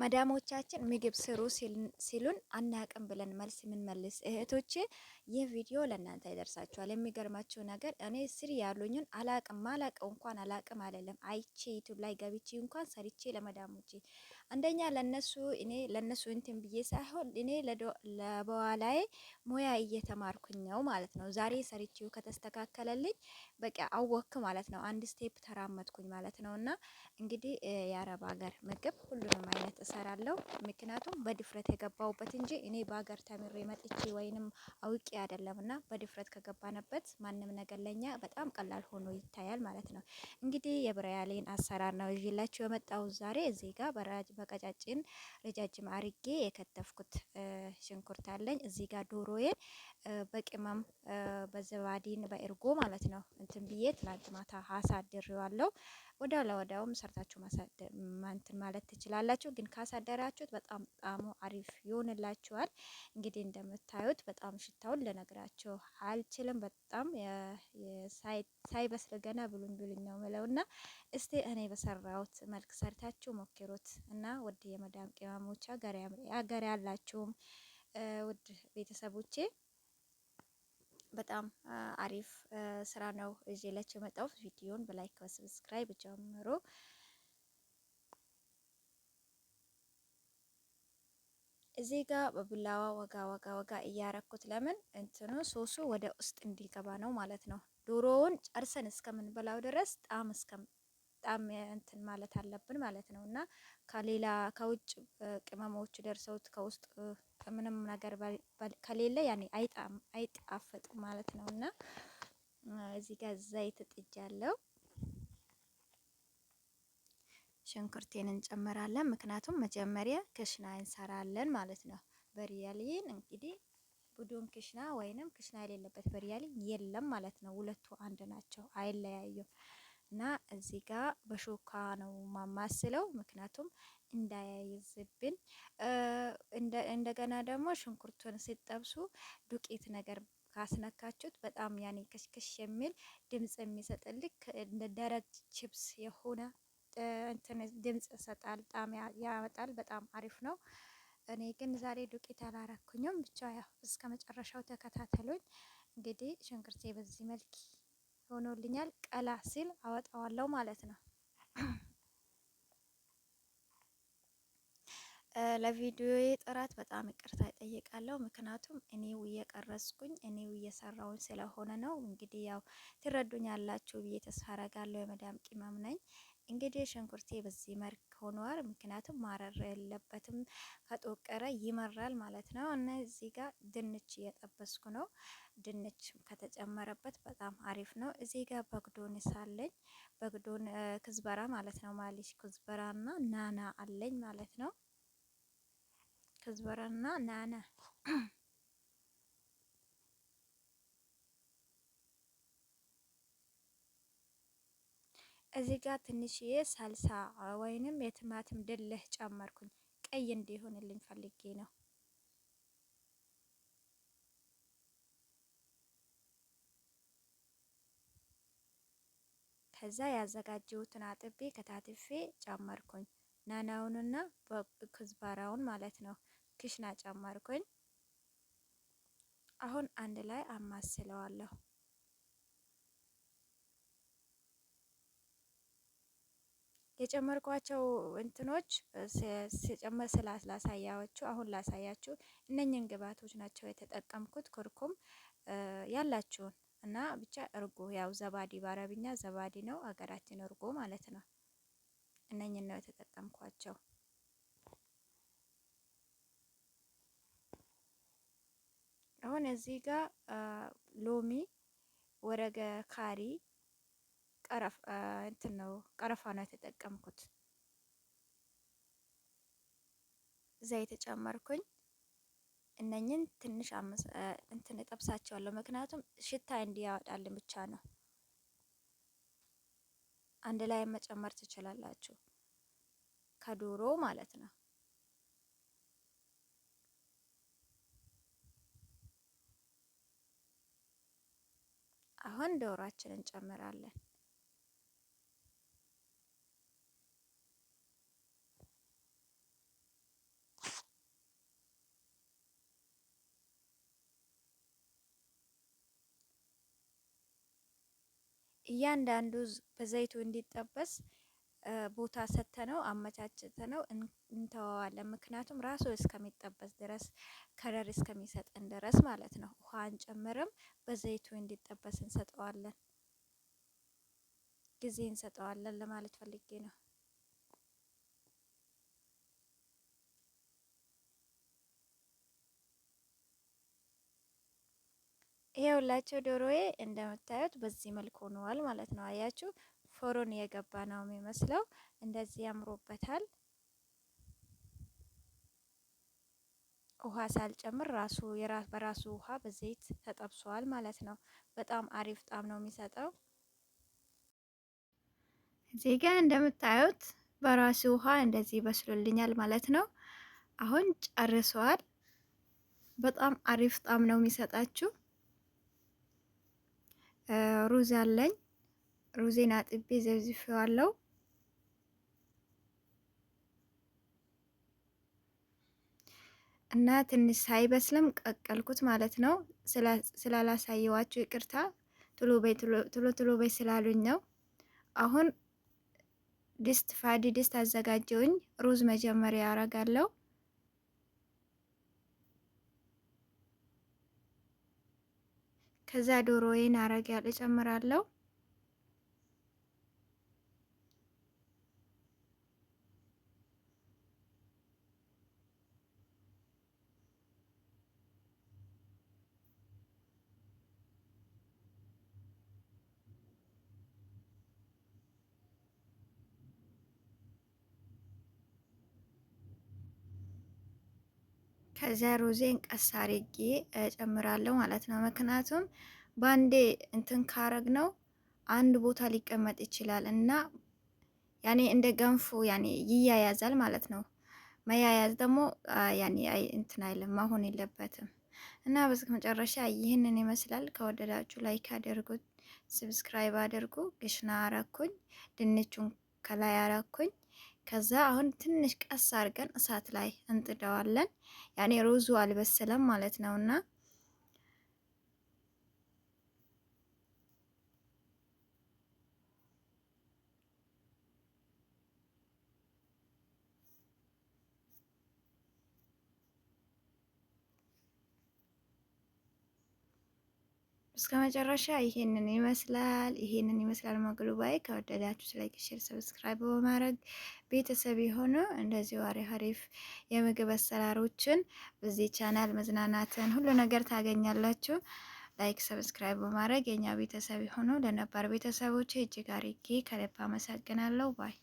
መዳሞቻችን ምግብ ስሩ ሲሉን አናቅም ብለን መልስ የምንመልስ እህቶቼ ይህ ቪዲዮ ለእናንተ ይደርሳችኋል። የሚገርማችሁ ነገር እኔ ስር ያሉኝን አላቅም ማላቀው እንኳን አላቅም አለለም አይቼ ዩቱብ ላይ ገብቼ እንኳን ሰርቼ ለመዳሞቼ አንደኛ ለነሱ እኔ ለነሱ እንትን ብዬ ሳይሆን እኔ ለበኋላዬ ሙያ እየተማርኩኝ ነው ማለት ነው። ዛሬ ሰርቼው ከተስተካከለልኝ በቃ አወክ ማለት ነው። አንድ ስቴፕ ተራመድኩኝ ማለት ነው። እና እንግዲህ የአረብ ሀገር ምግብ ሁሉንም አይነት እሰራለሁ። ምክንያቱም በድፍረት የገባሁበት እንጂ እኔ በሀገር ተምሬ መጥቼ ወይንም አውቄ አይደለም። እና በድፍረት ከገባንበት ማንም ነገር ለኛ በጣም ቀላል ሆኖ ይታያል ማለት ነው። እንግዲህ የብራያሌን አሰራር ነው ይዤላችሁ የመጣሁት ዛሬ እዚህ ጋር በራጅ በቀጫጭን ረጃጅም አርጌ የከተፍኩት ሽንኩርት አለኝ። እዚህ ጋር ዶሮዬን በቅመም በዘባዲን በእርጎ ማለት ነው እንትን ብዬ ትላንት ማታ አሳድሬዋለሁ። ወዳ ለወዳውም ሰርታችሁ እንትን ማለት ትችላላችሁ። ግን ካሳደራችሁት በጣም ጣሙ አሪፍ ይሆንላችኋል። እንግዲህ እንደምታዩት በጣም ሽታውን ልነግራችሁ አልችልም። በጣም ሳይበስል ገና ብሉኝ ብሉኝ ነው ምለው እና እስቲ እኔ በሰራሁት መልክ ሰርታችሁ ሞክሩት እና ወድ የመዳም ቅመሞች ሀገር ያላችሁም ውድ ቤተሰቦቼ በጣም አሪፍ ስራ ነው እዤላችሁ የመጣሁት። ቪዲዮን በላይክ በሰብስክራይብ ጀምሮ እዚህ ጋር በብላዋ ወጋ ወጋ ወጋ እያረኩት ለምን እንትኑ ሶሱ ወደ ውስጥ እንዲገባ ነው ማለት ነው። ዶሮውን ጨርሰን እስከምንበላው ድረስ ጣም እስከ ጣም እንትን ማለት አለብን ማለት ነው እና ከሌላ ከውጭ ቅመሞች ደርሰውት ከውስጥ ምንም ነገር ከሌለ ያኔ አይጣፍጥም ማለት ነው። እና እዚህ ጋር ዘይት ጥጃለሁ። ሽንኩርቴን እንጨምራለን። ምክንያቱም መጀመሪያ ክሽና እንሰራለን ማለት ነው። በሪያሊን እንግዲህ ቡድን ክሽና ወይንም ክሽና የሌለበት በሪያሊን የለም ማለት ነው። ሁለቱ አንድ ናቸው፣ አይለያዩም። እና እዚህ ጋር በሹካ ነው ማማስለው ምክንያቱም እንዳያይዝብን እንደገና ደግሞ ሽንኩርቱን ሲጠብሱ ዱቄት ነገር ካስነካችሁት በጣም ያኔ ክሽክሽ የሚል ድምጽ የሚሰጥል እንደ ደረቅ ችፕስ የሆነ እንትን ድምጽ ይሰጣል። ጣም ያመጣል። በጣም አሪፍ ነው። እኔ ግን ዛሬ ዱቄት አላረኩኝም። ብቻ ያው እስከ መጨረሻው ተከታተሉኝ። እንግዲህ ሽንኩርቴ በዚህ መልክ ሆኖልኛል። ቀላ ሲል አወጣዋለሁ ማለት ነው። ለቪዲዮ ጥራት በጣም ይቅርታ ይጠይቃለሁ። ምክንያቱም እኔው እየቀረጽኩኝ እኔው እየሰራውን ስለሆነ ነው። እንግዲህ ያው ትረዱኛላችሁ ብዬ ተስፋ አረጋለሁ። የመዳም ቅመም ነኝ። እንግዲህ ሽንኩርቴ በዚህ መልክ ሆኗል። ምክንያቱም ማረር የለበትም ከጦቀረ ይመራል ማለት ነው። እና እዚህ ጋር ድንች እየጠበስኩ ነው። ድንች ከተጨመረበት በጣም አሪፍ ነው። እዚህ ጋር በግዶን ሳለኝ በግዶን ክዝበራ ማለት ነው። ማሊሽ ክዝበራና ናና አለኝ ማለት ነው። ከዝበረና ናነ እዚህ ጋ ትንሽዬ ሳልሳ ወይንም የቲማቲም ድልህ ጨመርኩኝ። ቀይ እንዲሆንልኝ ፈልጌ ነው። ከዛ ያዘጋጀሁትን አጥቤ ከታትፌ ጨመርኩኝ። ናናውንና ክዝበራውን ማለት ነው። ክሽና ጨመርኩኝ። አሁን አንድ ላይ አማስለዋለሁ። የጨመርኳቸው እንትኖች ሲጨመር ስላሳያዎቹ አሁን ላሳያችሁ እነኝን ግብዓቶች ናቸው የተጠቀምኩት። ኩርኩም ያላችሁን እና ብቻ እርጎ ያው ዘባዲ በአረብኛ ዘባዲ ነው፣ ሀገራችን እርጎ ማለት ነው። እነኝን ነው የተጠቀምኳቸው። አሁን እዚህ ጋር ሎሚ ወረገ ካሪ ቀረፋ እንትን ነው ቀረፋ ነው የተጠቀምኩት። እዛ የተጨመርኩኝ እነኝን ትንሽ እንትን እጠብሳቸዋለሁ፣ ምክንያቱም ሽታ እንዲያወጣልን ብቻ ነው። አንድ ላይ መጨመር ትችላላችሁ ከዶሮ ማለት ነው። አሁን ዶሯችንን እንጨምራለን። እያንዳንዱ በዘይቱ እንዲጠበስ ቦታ ሰጥተነው አመቻችተነው እንተዋዋለን። ምክንያቱም ራሱ እስከሚጠበስ ድረስ ከለር እስከሚሰጠን ድረስ ማለት ነው። ውሃ አንጨምርም። በዘይቱ እንዲጠበስ እንሰጠዋለን፣ ጊዜ እንሰጠዋለን ለማለት ፈልጌ ነው። ይሄ ሁላቸው ዶሮዬ እንደምታዩት በዚህ መልክ ሆነዋል ማለት ነው። አያችሁ ፎሮን የገባ ነው የሚመስለው። እንደዚህ ያምሮበታል። ውሃ ሳልጨምር ራሱ በራሱ ውሃ በዘይት ተጠብሷል ማለት ነው። በጣም አሪፍ ጣም ነው የሚሰጠው። እዚህ ጋር እንደምታዩት በራሱ ውሃ እንደዚህ በስሎልኛል ማለት ነው። አሁን ጨርሰዋል። በጣም አሪፍ ጣም ነው የሚሰጣችሁ። ሩዝ አለኝ ሩዜን አጥቤ ዘብዝፌዋለሁ። እና ትንሽ ሳይበስልም ቀቀልኩት ማለት ነው። ስላላሳየዋችሁ ይቅርታ፣ ቶሎ ቶሎ በይ ስላሉኝ ነው። አሁን ድስት ፋዲ ድስት አዘጋጀውኝ። ሩዝ መጀመሪያ አረጋለሁ። ከዛ ዶሮዬን አረግ እጨምራለሁ። ከዚያ ሩዜን ቀስ አርጌ ጨምራለሁ ማለት ነው። ምክንያቱም ባንዴ እንትን ካረግ ነው አንድ ቦታ ሊቀመጥ ይችላል እና ያኔ እንደ ገንፎ ያኔ ይያያዛል ማለት ነው። መያያዝ ደግሞ ያኔ እንትን አይልም መሆን የለበትም እና በስከ መጨረሻ ይህንን ይመስላል። ከወደዳችሁ ላይክ አድርጉት፣ ሰብስክራይብ አድርጉ። ግሽና አረኩኝ ድንቹን ከላይ አረኩኝ። ከዛ አሁን ትንሽ ቀስ አድርገን እሳት ላይ እንጥደዋለን። ያኔ ሩዙ አልበሰለም ማለት ነውና እስከ መጨረሻ ይሄንን ይመስላል። ይሄንን ይመስላል ባይ ከወደዳችሁ ላይክ፣ ሼር፣ ሰብስክራይብ በማድረግ ቤተሰብ የሆኑ እንደዚህ አሪፍ ሀሪፍ የምግብ አሰራሮችን በዚህ ቻናል መዝናናትን ሁሉ ነገር ታገኛላችሁ። ላይክ፣ ሰብስክራይብ በማድረግ የኛ ቤተሰብ የሆኑ ለነባር ቤተሰቦች እጅግ አሪጌ ከልብ አመሰግናለሁ ባይ